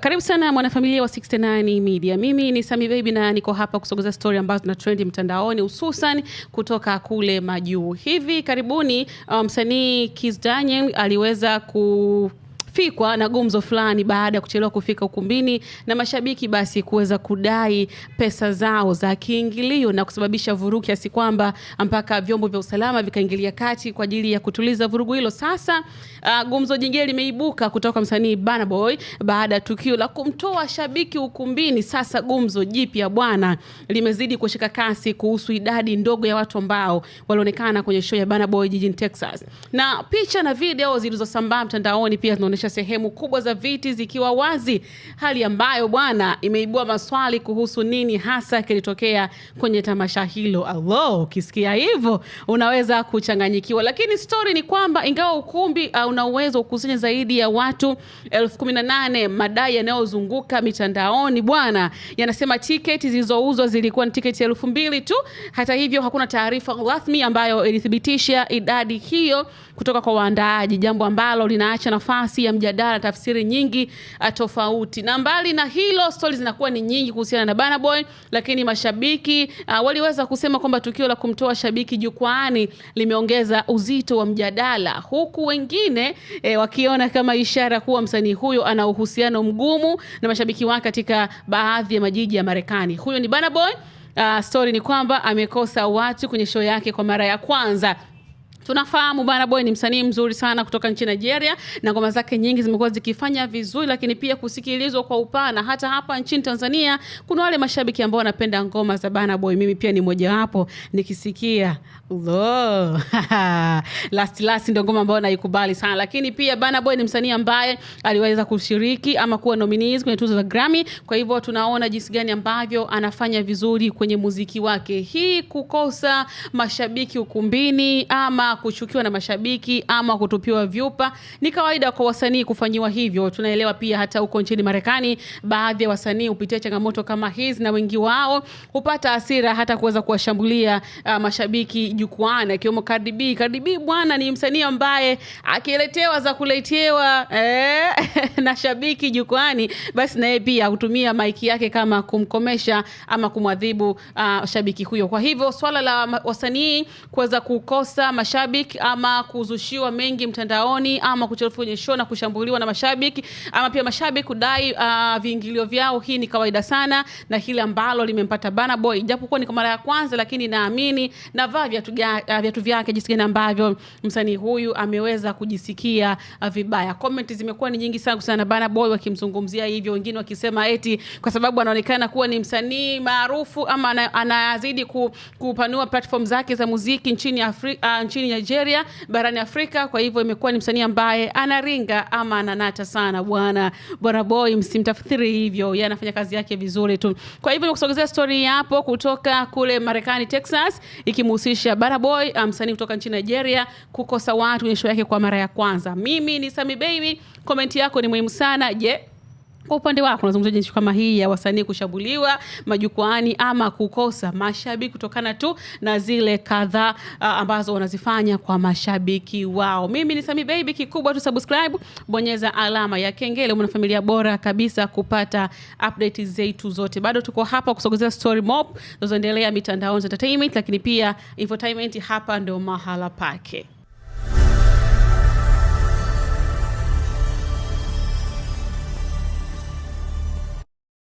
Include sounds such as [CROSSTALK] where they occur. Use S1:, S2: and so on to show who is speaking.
S1: Karibu sana mwanafamilia wa 69 Media. Mimi ni Sami Baby na niko hapa kusogeza story ambazo zina trendi mtandaoni hususan kutoka kule majuu. Hivi karibuni uh, msanii um, Kizz Daniel aliweza ku kufikwa na gumzo fulani baada ya kuchelewa kufika ukumbini na mashabiki basi kuweza kudai pesa zao za kiingilio na kusababisha vurugu kiasi kwamba mpaka vyombo vya usalama vikaingilia kati kwa ajili ya kutuliza vurugu hilo. Sasa uh, gumzo jingine limeibuka kutoka kwa msanii Burna Boy baada ya tukio la kumtoa shabiki ukumbini. Sasa gumzo jipya bwana limezidi kushika kasi kuhusu idadi ndogo ya watu ambao walionekana kwenye show ya Burna Boy jijini Texas, na picha na video zilizosambaa mtandaoni pia zinaonyesha kuacha sehemu kubwa za viti zikiwa wazi, hali ambayo bwana imeibua maswali kuhusu nini hasa kilitokea kwenye tamasha hilo. Alo, ukisikia hivyo unaweza kuchanganyikiwa, lakini stori ni kwamba ingawa ukumbi uh, una uwezo wa kukusanya zaidi ya watu elfu kumi na nane madai yanayozunguka mitandaoni bwana yanasema tiketi zilizouzwa zilikuwa ni tiketi elfu mbili tu. Hata hivyo hakuna taarifa rasmi ambayo ilithibitisha idadi hiyo kutoka kwa waandaaji, jambo ambalo linaacha nafasi ya mjadala, tafsiri nyingi ah, tofauti. Na mbali na hilo, stori zinakuwa ni nyingi kuhusiana na Burna Boy, lakini mashabiki uh, waliweza kusema kwamba tukio la kumtoa shabiki jukwaani limeongeza uzito wa mjadala, huku wengine eh, wakiona kama ishara kuwa msanii huyo ana uhusiano mgumu na mashabiki wake katika baadhi ya majiji ya Marekani. Huyo ni Burna Boy. Uh, ah, stori ni kwamba amekosa watu kwenye show yake kwa mara ya kwanza Tunafahamu Burna Boy ni msanii mzuri sana kutoka nchini Nigeria na ngoma zake nyingi zimekuwa zikifanya vizuri, lakini pia kusikilizwa kwa upana hata hapa nchini Tanzania. Kuna wale mashabiki ambao wanapenda ngoma za Burna Boy, mimi pia ni mmoja wapo. Nikisikia lo [LAUGHS] last last ndio ngoma ambayo naikubali sana, lakini pia Burna Boy ni msanii ambaye aliweza kushiriki ama kuwa nominees kwenye tuzo za Grammy. Kwa hivyo tunaona jinsi gani ambavyo anafanya vizuri kwenye muziki wake. Hii kukosa mashabiki ukumbini ama kuchukiwa na mashabiki ama kutupiwa vyupa. Ni kawaida kwa wasanii kufanyiwa hivyo. Tunaelewa pia hata huko nchini Marekani baadhi ya wasanii hupitia changamoto kama hizi, na wengi wao hupata hasira hata kuweza kuwashambulia uh, mashabiki jukwaani, akiwemo Cardi B. Cardi B bwana ni msanii ambaye akiletewa za kuletewa eh, [LAUGHS] na shabiki jukwani, basi na pia hutumia maiki yake kama kumkomesha ama kumwadhibu uh, shabiki huyo. Kwa hivyo swala la wasanii kuweza kukosa mashabiki mashabiki ama kuzushiwa mengi mtandaoni ama kuchafuliwa kwenye show na kushambuliwa na mashabiki ama pia mashabiki kudai uh, viingilio vyao. Hii ni kawaida sana na hili ambalo limempata Burna Boy, japokuwa ni kwa mara ya kwanza, lakini naamini na vaa viatu uh, vyake jinsi gani ambavyo msanii huyu ameweza kujisikia uh, vibaya. Comment zimekuwa ni nyingi sana kuhusiana na Burna Boy wakimzungumzia hivyo, wengine wakisema eti kwa sababu anaonekana kuwa ni msanii maarufu ama anazidi kupanua platform zake za muziki nchini Afrika, uh, nchini Nigeria barani Afrika. Kwa hivyo imekuwa ni msanii ambaye anaringa ama ananata sana bwana bwana boy, msimtafsiri hivyo, yeye anafanya kazi yake vizuri tu. Kwa hivyo nikusogezea story hapo kutoka kule Marekani Texas, ikimhusisha Burna Boy ah, msanii kutoka nchini Nigeria kukosa watu kwenye show yake kwa mara ya kwanza. Mimi ni Sami Baby, komenti yako ni muhimu sana. Je, yeah. Kwa upande wako unazungumzia jinsi kama hii ya wasanii kushambuliwa majukwaani ama kukosa mashabiki kutokana tu na zile kadhaa ah, ambazo wanazifanya kwa mashabiki wao. Mimi ni Sami Baby, kikubwa tu subscribe, bonyeza alama ya kengele, una familia bora kabisa kupata update zetu zote. Bado tuko hapa kusogezea story mob zinazoendelea mitandaoni entertainment, lakini pia infotainment, hapa ndio mahala pake.